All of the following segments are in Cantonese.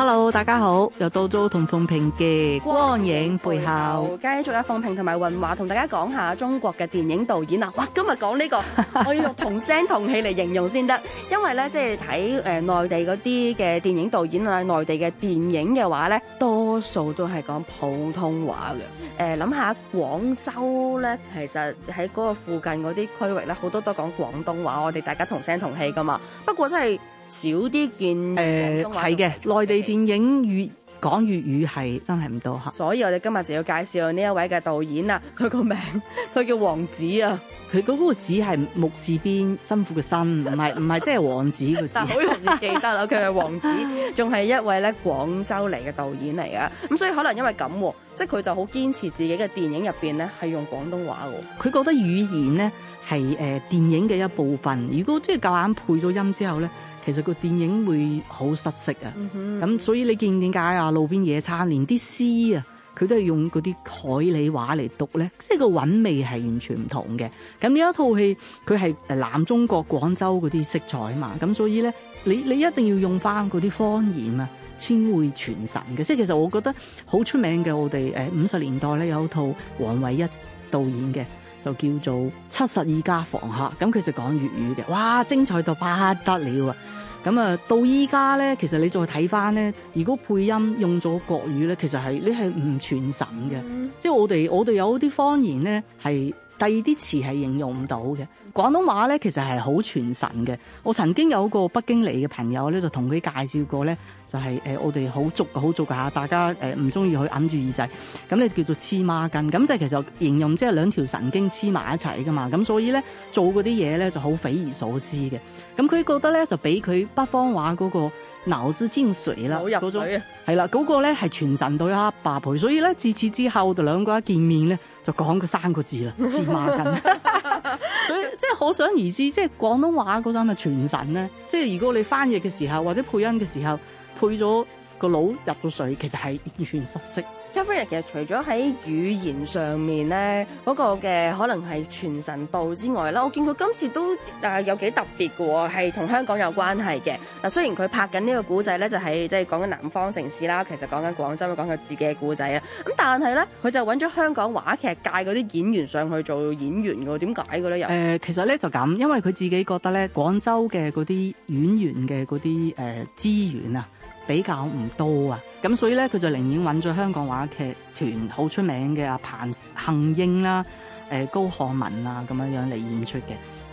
Hello，大家好，又到咗同鳳萍嘅光影背後，繼續阿鳳萍同埋雲華同大家講下中國嘅電影導演啊！哇，今日講呢個， 我要用同聲同氣嚟形容先得，因為咧即係睇誒內地嗰啲嘅電影導演啊，內、呃、地嘅電影嘅話咧，多數都係講普通話嘅。誒、呃，諗下廣州咧，其實喺嗰個附近嗰啲區域咧，好多都講廣東話，我哋大家同聲同氣噶嘛。不過真係。少啲見誒、呃，係嘅，內地電影粵講粵語係真係唔多吓。所以我哋今日就要介紹呢一位嘅導演啦，佢個名字，佢叫黃梓啊，佢嗰個字係木字邊，辛苦嘅辛，唔係唔係即係黃梓個字。好 容易記得啦，佢係黃梓，仲係一位咧廣州嚟嘅導演嚟嘅。咁所以可能因為咁，即係佢就好堅持自己嘅電影入邊咧係用廣東話喎。佢覺得語言呢係誒、呃、電影嘅一部分。如果即係夠硬配咗音之後咧。其實個電影會好失色啊。咁、嗯、所以你見點解啊？路邊野餐，連啲詩啊，佢都係用嗰啲凱里話嚟讀咧，即係個韻味係完全唔同嘅。咁呢一套戲佢係南中國廣州嗰啲色彩啊嘛，咁所以咧，你你一定要用翻嗰啲方言啊，先會傳神嘅。即係其實我覺得好出名嘅，我哋誒五十年代咧有一套王偉一導演嘅。就叫做七十二家房客，咁佢就講粵語嘅。哇，精彩到不得了啊！咁啊，到依家咧，其實你再睇翻咧，如果配音用咗國語咧，其實係你係唔全神嘅。嗯，即係我哋我哋有啲方言咧係。第二啲詞係形容唔到嘅，廣東話咧其實係好傳神嘅。我曾經有個北京嚟嘅朋友咧，就同佢介紹過咧，就係、是、誒、呃、我哋好足好足下，大家誒唔中意去揞住耳仔，咁你就叫做黐孖筋，咁即係其實形容即係兩條神經黐埋一齊噶嘛，咁所以咧做嗰啲嘢咧就好匪夷所思嘅。咁佢覺得咧就比佢北方話嗰、那個。腦子進水啦，嗰種係啦，嗰、那個咧係、那個、全神到阿爸配，所以咧自此之後就兩個一見面咧就講佢三個字啦，黐孖筋。 所以即係可想而知，即係廣東話嗰種嘅全神咧，即、就、係、是、如果你翻譯嘅時候或者配音嘅時候配咗個腦入咗水，其實係完全失色。k 其實除咗喺語言上面咧嗰個嘅可能係傳神度之外啦，我見佢今次都誒有幾特別嘅喎，係同香港有關係嘅。嗱，雖然佢拍緊呢個古仔咧，就喺即係講緊南方城市啦，其實講緊廣州，講緊自己嘅古仔啦。咁但係咧，佢就揾咗香港話劇界嗰啲演員上去做演員嘅，點解嘅咧又？誒，其實咧就咁，因為佢自己覺得咧，廣州嘅嗰啲演員嘅嗰啲誒資源啊。比較唔多啊，咁所以咧佢就寧願揾咗香港話劇團好出名嘅阿彭杏英啦，誒、呃、高漢文啊咁樣樣嚟演出嘅。誒、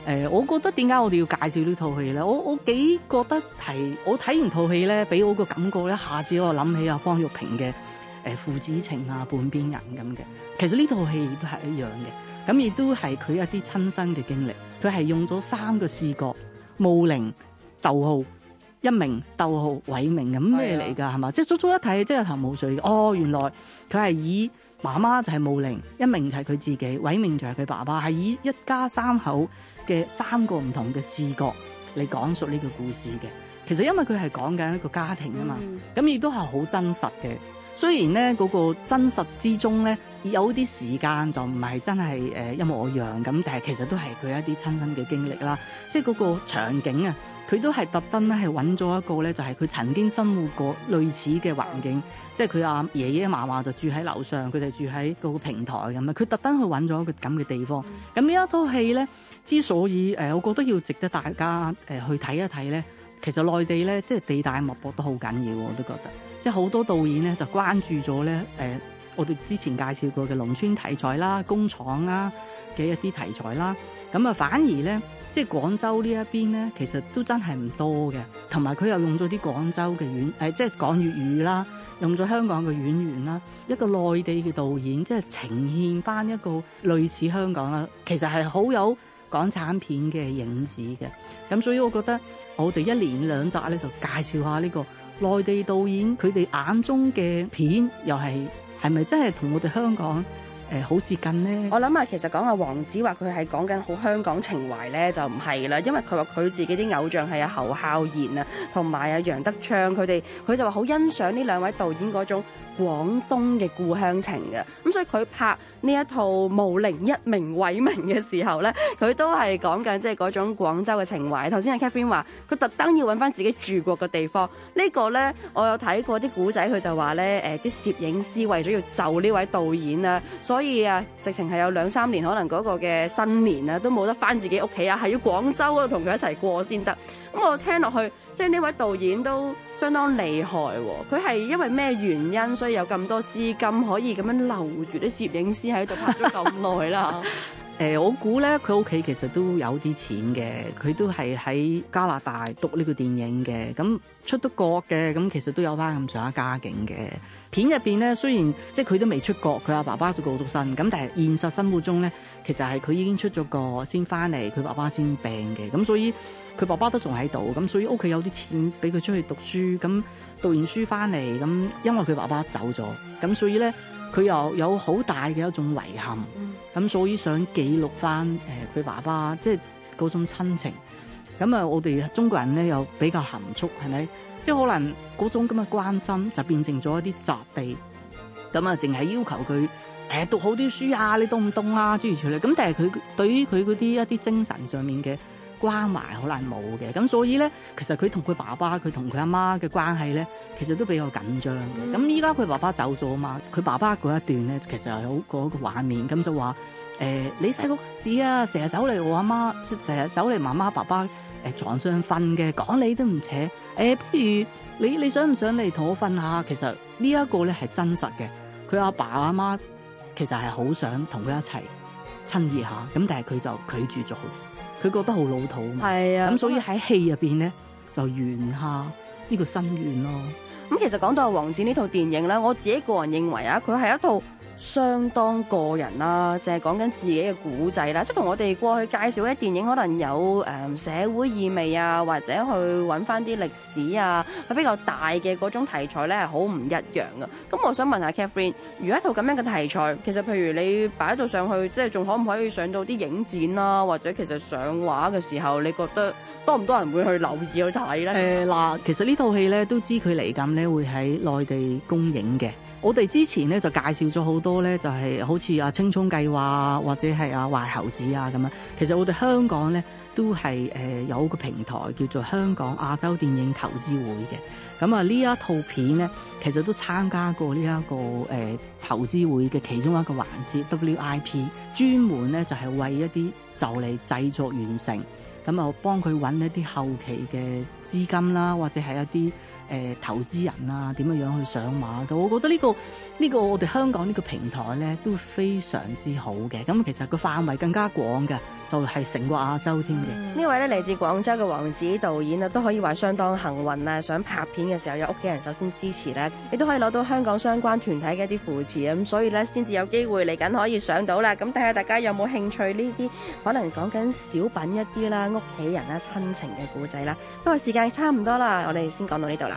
呃，我覺得點解我哋要介紹這呢套戲咧？我我幾覺得係我睇完套戲咧，俾我個感覺一下子我諗起阿、啊、方育平嘅誒父子情啊，半邊人咁嘅。其實呢套戲都係一樣嘅，咁亦都係佢一啲親身嘅經歷。佢係用咗三個視角：霧靈、逗號。一名、逗號、偉明咁咩嚟㗎係嘛？即係足足一睇即係頭霧水哦，原來佢係以媽媽就係慕玲，一名就係佢自己，偉明就係佢爸爸，係以一家三口嘅三個唔同嘅視角嚟講述呢個故事嘅。其實因為佢係講緊一個家庭啊嘛，咁、嗯、亦都係好真實嘅。雖然咧嗰、那個真實之中咧。有啲時間就唔係真係誒一模一樣咁，但係其實都係佢一啲親身嘅經歷啦。即係嗰個場景啊，佢都係特登咧係揾咗一個咧，就係佢曾經生活過類似嘅環境。即係佢阿爺爺嫲嫲就住喺樓上，佢哋住喺個平台咁啊。佢特登去揾咗一個咁嘅地方。咁呢一套戲咧，之所以誒，我覺得要值得大家誒去睇一睇咧，其實內地咧即係地大物博都好緊要，我都覺得。即係好多導演咧就關注咗咧誒。呃我哋之前介紹過嘅農村題材啦、工廠啦嘅一啲題材啦，咁啊反而呢，即係廣州呢一邊呢，其實都真係唔多嘅。同埋佢又用咗啲廣州嘅演，即係講粵語啦，用咗香港嘅演員啦，一個內地嘅導演，即係呈現翻一個類似香港啦，其實係好有港產片嘅影子嘅。咁所以，我覺得我哋一連兩集咧，就介紹下呢、這個內地導演佢哋眼中嘅片，又係。係咪真係同我哋香港誒好接近呢？我諗啊，其實講阿黃梓佢係講緊好香港情懷咧，就唔係啦。因為佢話佢自己啲偶像係啊侯孝賢啊，同埋啊楊德昌佢哋，佢就話好欣賞呢兩位導演嗰種廣東嘅故鄉情嘅。咁所以佢拍。呢一套《無名一名偉名》嘅時候咧，佢都係講緊即係嗰種廣州嘅情懷。頭先阿 Katherine 話，佢特登要搵翻自己住過嘅地方。呢個咧，我有睇過啲古仔，佢就話咧，誒啲攝影師為咗要就呢位導演啊，所以啊，直情係有兩三年，可能嗰個嘅新年啊，都冇得翻自己屋企啊,係要廣州度同佢一齊過先得。咁我聽落去，即係呢位導演都相當厲害喎、哦。佢係因為咩原因，所以有咁多資金可以咁樣留住啲攝影師喺度拍咗咁耐啦？ 誒、呃，我估咧，佢屋企其實都有啲錢嘅，佢都係喺加拿大讀呢個電影嘅，咁出得國嘅，咁其實都有翻咁上下家境嘅。片入面咧，雖然即係佢都未出國，佢阿爸爸就過咗身，咁但係現實生活中咧，其實係佢已經出咗國先翻嚟，佢爸爸先病嘅，咁所以佢爸爸都仲喺度，咁所以屋企有啲錢俾佢出去讀書，咁讀完書翻嚟，咁因為佢爸爸走咗，咁所以咧。佢又有好大嘅一種遺憾，咁、嗯、所以想記錄翻佢爸爸，即係嗰種親情。咁啊，我哋中國人咧又比較含蓄，係咪？即、就、係、是、可能嗰種咁嘅關心就變成咗一啲責備，咁啊，淨係要求佢誒、哎、讀好啲書啊，你懂唔懂啊？諸如此類。咁但係佢對於佢嗰啲一啲精神上面嘅關懷好難冇嘅，咁所以咧，其實佢同佢爸爸、佢同佢阿媽嘅關係咧，其實都比較緊張嘅。咁依家佢爸爸走咗啊嘛，佢爸爸嗰一段咧，其實係好嗰個畫面，咁就話：誒、呃、你細個時啊，成日走嚟我阿媽，即成日走嚟媽媽爸爸誒牀上瞓嘅，講、呃、你都唔扯。誒、呃，不如你你想唔想嚟同我瞓下？其實呢一個咧係真實嘅，佢阿爸阿媽，媽其實係好想同佢一齊親熱下，咁但係佢就拒絕咗。佢覺得好老土，咁、啊嗯、所以喺戲入面咧就圓下呢個心願咯。咁其實講到《黃梓》呢套電影咧，我自己個人認為啊，佢係一套。相當個人啦、啊，淨係講緊自己嘅古仔啦，即係同我哋過去介紹嘅電影，可能有誒、嗯、社會意味啊，或者去搵翻啲歷史啊，係比較大嘅嗰種題材咧，係好唔一樣嘅。咁我想問下 Katherine，如果一套咁樣嘅題材，其實譬如你擺喺度上去，即係仲可唔可以上到啲影展啦、啊，或者其實上畫嘅時候，你覺得多唔多人會去留意去睇咧？嗱，其實呢套戲咧都知佢嚟緊咧會喺內地公映嘅。我哋之前咧就介紹咗好多咧，就係好似啊青葱計劃或者係啊壞猴子啊咁樣。其實我哋香港咧都係誒有個平台叫做香港亞洲電影投資會嘅。咁啊呢一套片咧，其實都參加過呢一個誒投資會嘅其中一個環節 WIP，專門咧就係為一啲就嚟製作完成，咁啊幫佢揾一啲後期嘅資金啦，或者係一啲，誒投資人啊，點樣樣去上馬嘅？我覺得呢個呢個我哋香港呢個平台呢都非常之好嘅。咁其實個範圍更加廣嘅，就係成個亞洲添嘅。嗯、呢位咧嚟自廣州嘅黃梓導演啊，都可以話相當幸運啊！想拍片嘅時候有屋企人首先支持咧，亦都可以攞到香港相關團體嘅一啲扶持啊。咁所以呢，先至有機會嚟緊可以上到啦。咁睇下大家有冇興趣呢啲可能講緊小品一啲啦，屋企人啦，親情嘅故仔啦。不過時間差唔多啦，我哋先講到呢度啦。